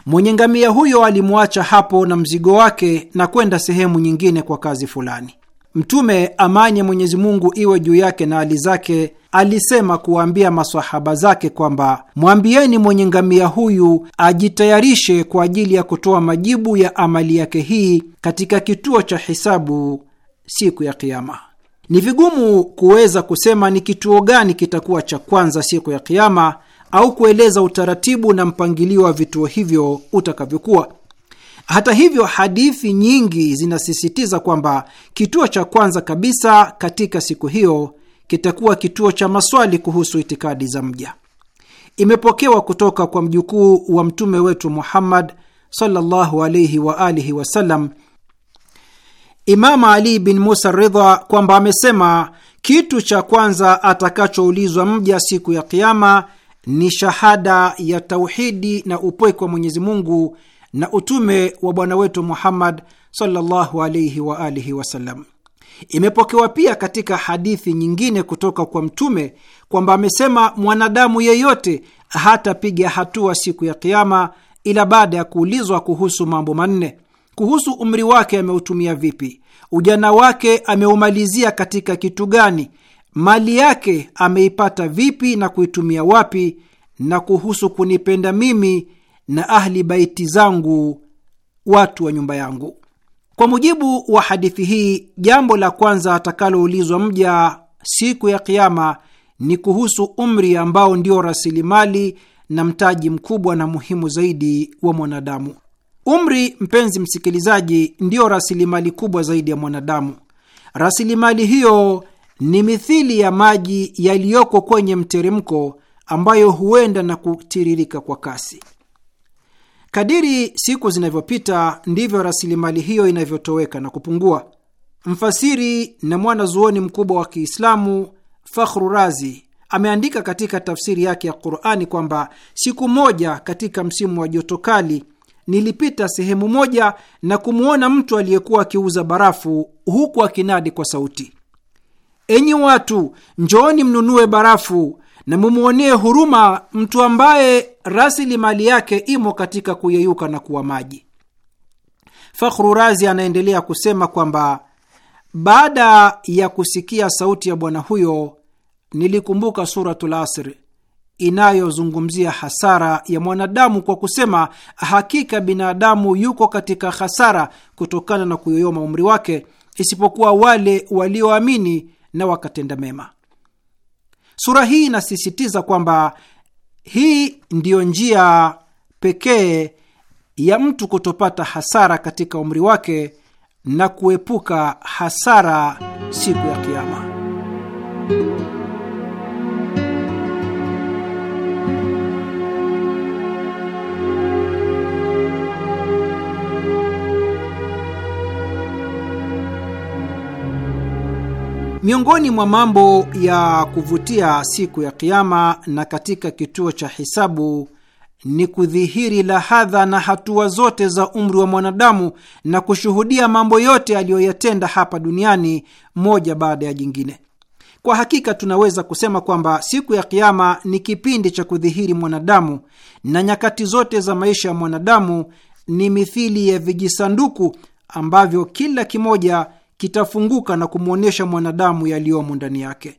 Mwenye ngamia huyo alimwacha hapo na mzigo wake na kwenda sehemu nyingine kwa kazi fulani. Mtume, amani ya Mwenyezi Mungu iwe juu yake na hali zake, alisema kuwaambia masahaba zake kwamba mwambieni mwenye ngamia huyu ajitayarishe kwa ajili ya kutoa majibu ya amali yake hii katika kituo cha hisabu siku ya Kiama. Ni vigumu kuweza kusema ni kituo gani kitakuwa cha kwanza siku ya Kiama au kueleza utaratibu na mpangilio wa vituo hivyo utakavyokuwa. Hata hivyo, hadithi nyingi zinasisitiza kwamba kituo cha kwanza kabisa katika siku hiyo kitakuwa kituo cha maswali kuhusu itikadi za mja. Imepokewa kutoka kwa mjukuu wa mtume wetu Muhammad sallallahu alayhi wa alihi wasallam, Imama Ali bin Musa Ridha kwamba amesema kitu cha kwanza atakachoulizwa mja siku ya Kiama ni shahada ya tauhidi na upweke wa Mwenyezi Mungu na utume wa bwana wetu Muhammad sallallahu alaihi wa alihi wasallam. Imepokewa pia katika hadithi nyingine kutoka kwa Mtume kwamba amesema, mwanadamu yeyote hatapiga hatua siku ya Kiama ila baada ya kuulizwa kuhusu mambo manne: kuhusu umri wake ameutumia vipi, ujana wake ameumalizia katika kitu gani, mali yake ameipata vipi na kuitumia wapi, na kuhusu kunipenda mimi na ahli baiti zangu, watu wa nyumba yangu. Kwa mujibu wa hadithi hii, jambo la kwanza atakaloulizwa mja siku ya Kiama ni kuhusu umri ambao ndio rasilimali na mtaji mkubwa na muhimu zaidi wa mwanadamu. Umri, mpenzi msikilizaji, ndiyo rasilimali kubwa zaidi ya mwanadamu. Rasilimali hiyo ni mithili ya maji yaliyoko kwenye mteremko ambayo huenda na kutiririka kwa kasi. Kadiri siku zinavyopita ndivyo rasilimali hiyo inavyotoweka na kupungua. Mfasiri na mwanazuoni mkubwa wa Kiislamu Fakhru Razi ameandika katika tafsiri yake ya Qurani kwamba siku moja katika msimu wa joto kali nilipita sehemu moja na kumwona mtu aliyekuwa akiuza barafu huku akinadi kwa sauti, enyi watu, njooni mnunue barafu na mumwonee huruma mtu ambaye rasilimali yake imo katika kuyeyuka na kuwa maji. Fakhru Razi anaendelea kusema kwamba baada ya kusikia sauti ya bwana huyo nilikumbuka Suratul Asr inayozungumzia hasara ya mwanadamu kwa kusema, hakika binadamu yuko katika hasara kutokana na kuyoyoma umri wake, isipokuwa wale walioamini na wakatenda mema. Sura hii inasisitiza kwamba hii ndiyo njia pekee ya mtu kutopata hasara katika umri wake na kuepuka hasara siku ya Kiama. Miongoni mwa mambo ya kuvutia siku ya Kiama na katika kituo cha hisabu ni kudhihiri lahadha na hatua zote za umri wa mwanadamu na kushuhudia mambo yote aliyoyatenda hapa duniani moja baada ya jingine. Kwa hakika tunaweza kusema kwamba siku ya Kiama ni kipindi cha kudhihiri mwanadamu na nyakati zote za maisha ya mwanadamu ni mithili ya vijisanduku ambavyo kila kimoja kitafunguka na kumwonyesha mwanadamu yaliyomo ndani yake.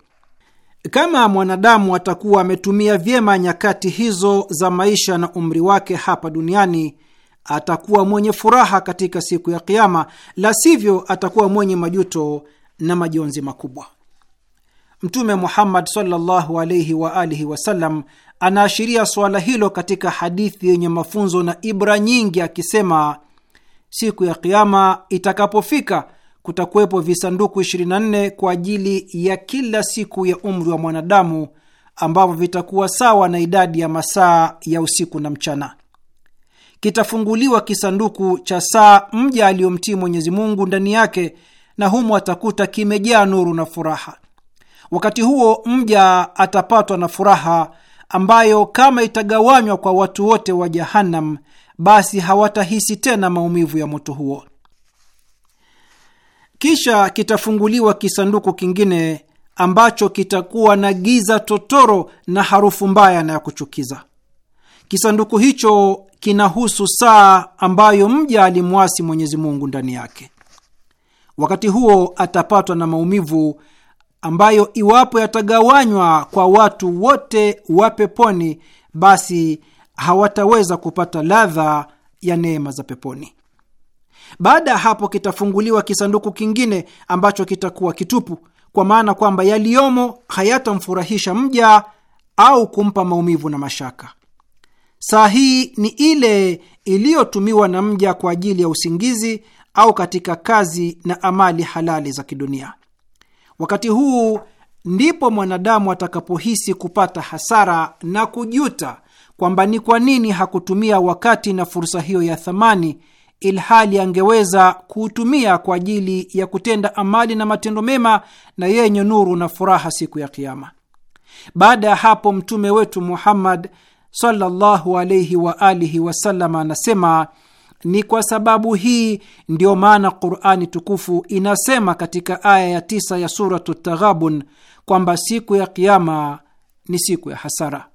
Kama mwanadamu atakuwa ametumia vyema nyakati hizo za maisha na umri wake hapa duniani, atakuwa mwenye furaha katika siku ya Kiama, la sivyo atakuwa mwenye majuto na majonzi makubwa. Mtume Muhammad sallallahu alaihi wa alihi wasallam anaashiria suala hilo katika hadithi yenye mafunzo na ibra nyingi, akisema siku ya Kiama itakapofika kutakuwepo visanduku 24 kwa ajili ya kila siku ya umri wa mwanadamu ambavyo vitakuwa sawa na idadi ya masaa ya usiku na mchana. Kitafunguliwa kisanduku cha saa mja aliyomtii Mwenyezi Mungu ndani yake, na humo atakuta kimejaa nuru na furaha. Wakati huo mja atapatwa na furaha ambayo kama itagawanywa kwa watu wote wa Jahannam, basi hawatahisi tena maumivu ya moto huo kisha kitafunguliwa kisanduku kingine ambacho kitakuwa na giza totoro na harufu mbaya na ya kuchukiza. Kisanduku hicho kinahusu saa ambayo mja alimwasi Mwenyezi Mungu ndani yake. Wakati huo atapatwa na maumivu ambayo iwapo yatagawanywa kwa watu wote wa peponi, basi hawataweza kupata ladha ya neema za peponi. Baada ya hapo kitafunguliwa kisanduku kingine ambacho kitakuwa kitupu, kwa maana kwamba yaliyomo hayatamfurahisha mja au kumpa maumivu na mashaka. Saa hii ni ile iliyotumiwa na mja kwa ajili ya usingizi au katika kazi na amali halali za kidunia. Wakati huu ndipo mwanadamu atakapohisi kupata hasara na kujuta kwamba ni kwa nini hakutumia wakati na fursa hiyo ya thamani ilhali angeweza kuutumia kwa ajili ya kutenda amali na matendo mema na yenye nuru na furaha siku ya Kiama. Baada ya hapo, mtume wetu Muhammad sallallahu alayhi wa alihi wasallam anasema ni kwa sababu hii ndiyo maana Qurani tukufu inasema katika aya ya tisa ya Suratu Taghabun kwamba siku ya Kiama ni siku ya hasara.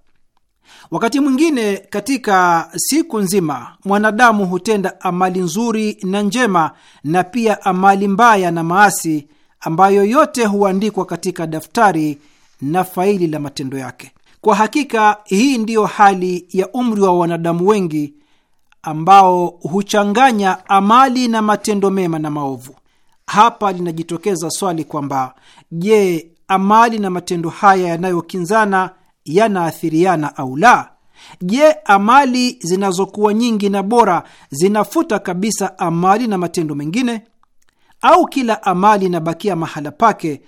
Wakati mwingine katika siku nzima mwanadamu hutenda amali nzuri na njema na pia amali mbaya na maasi, ambayo yote huandikwa katika daftari na faili la matendo yake. Kwa hakika hii ndiyo hali ya umri wa wanadamu wengi ambao huchanganya amali na matendo mema na maovu. Hapa linajitokeza swali kwamba je, amali na matendo haya yanayokinzana yanaathiriana au la? Je, amali zinazokuwa nyingi na bora zinafuta kabisa amali na matendo mengine, au kila amali inabakia mahala pake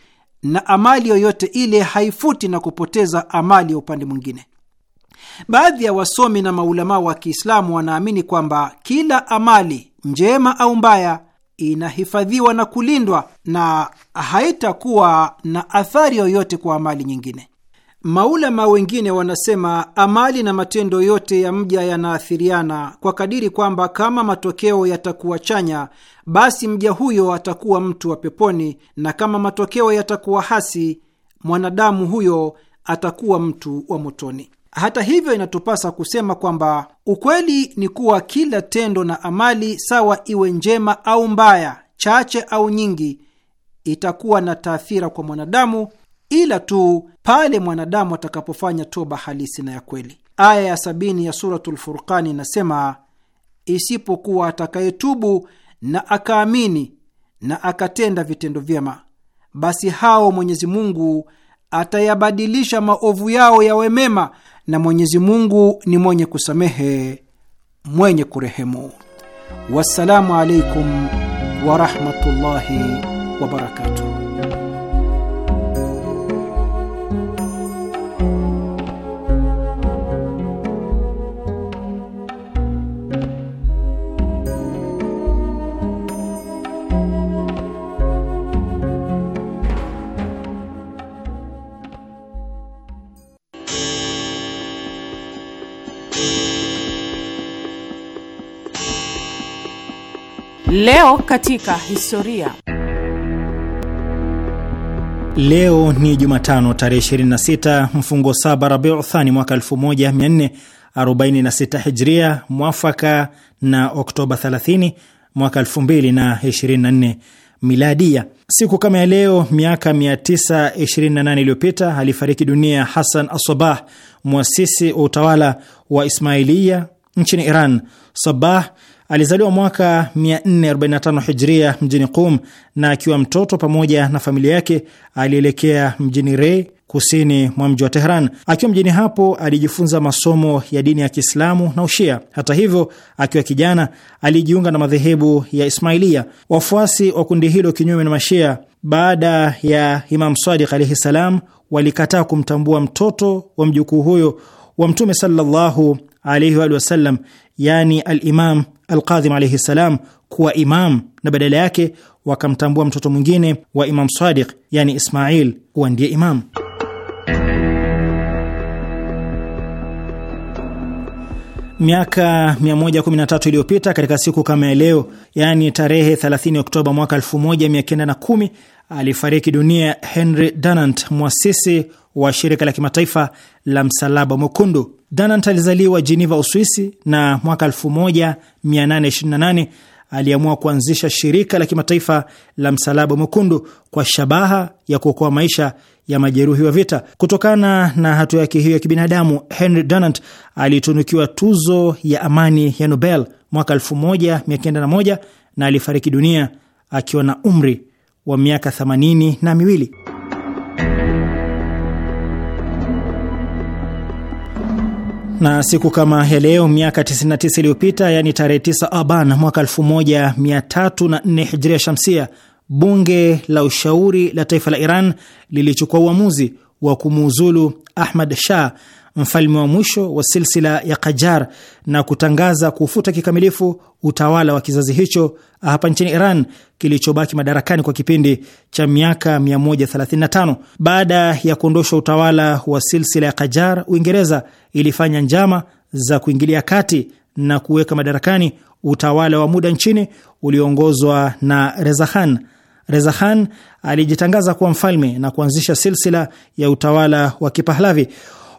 na amali yoyote ile haifuti na kupoteza amali ya upande mwingine? Baadhi ya wasomi na maulamaa wa Kiislamu wanaamini kwamba kila amali njema au mbaya inahifadhiwa na kulindwa na haitakuwa na athari yoyote kwa amali nyingine. Maulama wengine wanasema amali na matendo yote ya mja yanaathiriana kwa kadiri kwamba kama matokeo yatakuwa chanya, basi mja huyo atakuwa mtu wa peponi, na kama matokeo yatakuwa hasi, mwanadamu huyo atakuwa mtu wa motoni. Hata hivyo, inatupasa kusema kwamba ukweli ni kuwa kila tendo na amali, sawa iwe njema au mbaya, chache au nyingi, itakuwa na taathira kwa mwanadamu, ila tu pale mwanadamu atakapofanya toba halisi na ya kweli. Aya ya sabini ya Suratul Furqani inasema, isipokuwa atakayetubu na akaamini na akatenda vitendo vyema, basi hao Mwenyezi Mungu atayabadilisha maovu yao yawe mema, na Mwenyezi Mungu ni mwenye kusamehe, mwenye kurehemu. Wassalamu alaikum warahmatullahi wabarakatu. Leo katika historia. Leo ni Jumatano tarehe 26 mfungo saba Rabiu Thani mwaka 1446 Hijria, mwafaka na Oktoba 30 mwaka 2024 Miladia. Siku kama ya leo miaka 928 iliyopita alifariki dunia hasan Asabah, mwasisi wa utawala wa Ismailia nchini Iran. Sabah Alizaliwa mwaka 445 hijria mjini Qum, na akiwa mtoto pamoja na familia yake alielekea mjini Rey kusini mwa mji wa Tehran. Akiwa mjini hapo alijifunza masomo ya dini ya Kiislamu na Ushia. Hata hivyo, akiwa kijana alijiunga na madhehebu ya Ismailia. Wafuasi wa kundi hilo, kinyume na Mashia, baada ya Imam Sadiq alaihi salam, walikataa kumtambua mtoto wa mjukuu huyo wa Mtume sallallahu alaihi wa sallam yani al-Imam al ssalam alayhi salam kuwa imam na badala yake wakamtambua mtoto mwingine wa Imam Sadiq yani Ismail kuwa ndiye imam. Miaka 113 iliyopita katika siku kama ya leo, yani tarehe 30 Oktoba mwaka 1910 alifariki dunia Henry Dunant, mwasisi wa shirika la kimataifa la Msalaba Mwekundu. Danant alizaliwa Geneva, Uswisi, na mwaka 1828 aliamua kuanzisha shirika la kimataifa la Msalaba Mwekundu kwa shabaha ya kuokoa maisha ya majeruhi wa vita. Kutokana na hatua yake hiyo ya kibinadamu, Henry Danant alitunukiwa tuzo ya amani ya Nobel mwaka 1901 na alifariki dunia akiwa na umri wa miaka themanini na miwili. na siku kama ya leo miaka 99 iliyopita, yani tarehe 9 Aban mwaka 1304 Hijria Shamsia, bunge la ushauri la taifa la Iran lilichukua uamuzi wa kumuuzulu Ahmad Shah mfalme wa mwisho wa silsila ya Qajar na kutangaza kufuta kikamilifu utawala wa kizazi hicho hapa nchini Iran kilichobaki madarakani kwa kipindi cha miaka 135. Baada ya kuondosha utawala wa silsila ya Kajar, Uingereza ilifanya njama za kuingilia kati na kuweka madarakani utawala wa muda nchini ulioongozwa na Reza Khan. Reza Khan alijitangaza kuwa mfalme na kuanzisha silsila ya utawala wa Kipahlavi.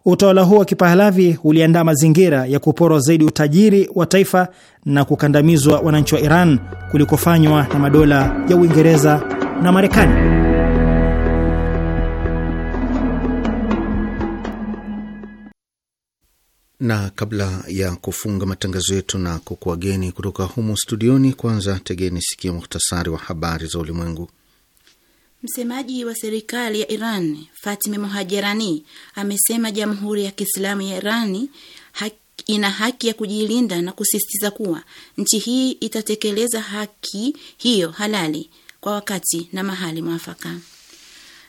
Utawala huo wa kipahalavi uliandaa mazingira ya kuporwa zaidi utajiri wa taifa na kukandamizwa wananchi wa Iran kulikofanywa na madola ya Uingereza na Marekani. na kabla ya kufunga matangazo yetu na kukuageni kutoka humo studioni, kwanza tegeni sikio muhtasari wa habari za ulimwengu. Msemaji wa serikali ya Iran Fatime Mohajerani amesema Jamhuri ya Kiislamu ya Irani ina haki ya kujilinda na kusisitiza kuwa nchi hii itatekeleza haki hiyo halali kwa wakati na mahali mwafaka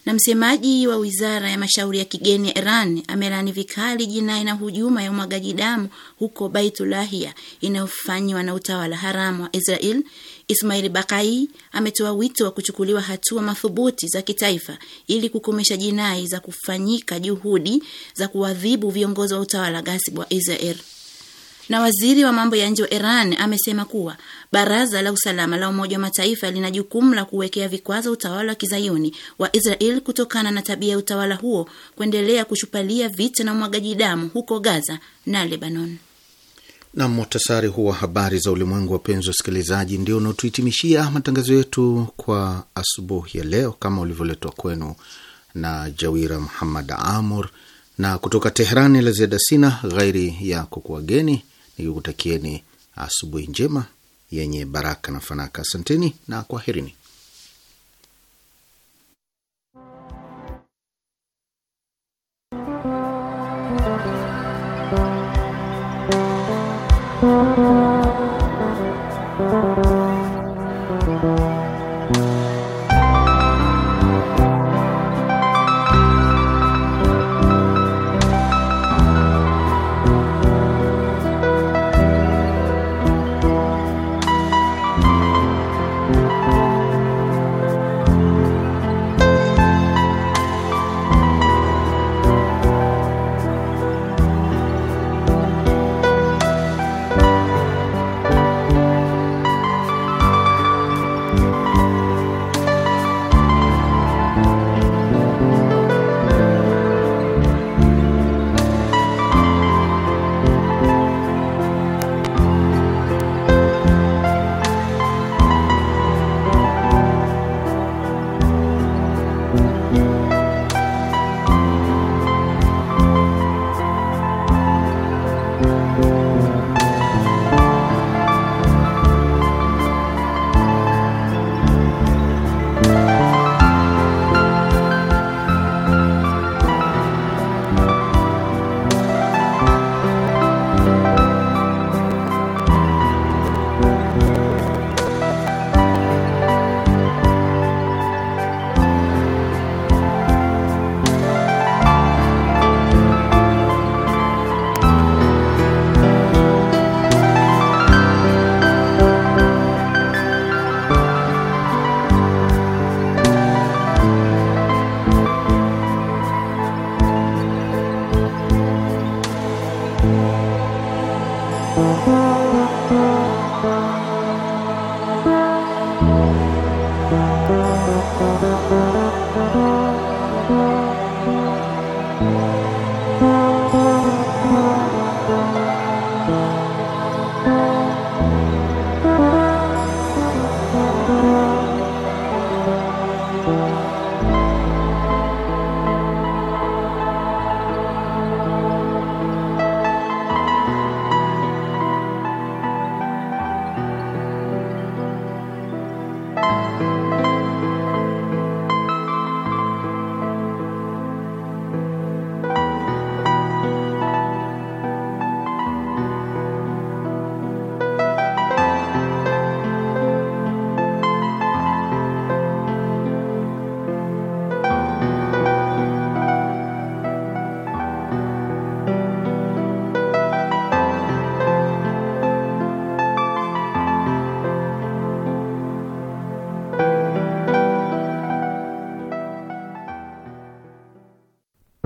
na msemaji wa wizara ya mashauri ya kigeni ya Iran amelani vikali jinai na hujuma ya umwagaji damu huko Baitulahia inayofanywa na utawala haramu wa Israel. Ismail Bakai ametoa wito wa kuchukuliwa hatua madhubuti za kitaifa ili kukomesha jinai za kufanyika juhudi za kuadhibu viongozi wa utawala ghasibu wa Israel na waziri wa mambo ya nje wa Iran amesema kuwa baraza la usalama la Umoja wa Mataifa lina jukumu la kuwekea vikwazo utawala wa kizayuni wa Israel kutokana na tabia ya utawala huo kuendelea kushupalia vita na umwagaji damu huko Gaza na Lebanon. Na muhtasari huu wa habari za ulimwengu, wapenzi wasikilizaji, ndio unaotuhitimishia matangazo yetu kwa asubuhi ya leo, kama ulivyoletwa kwenu na Jawira Muhammad Amur. Na kutoka Teherani la ziada sina ghairi ya kukuwageni nikikutakieni asubuhi njema yenye baraka na fanaka. Asanteni na kwaherini.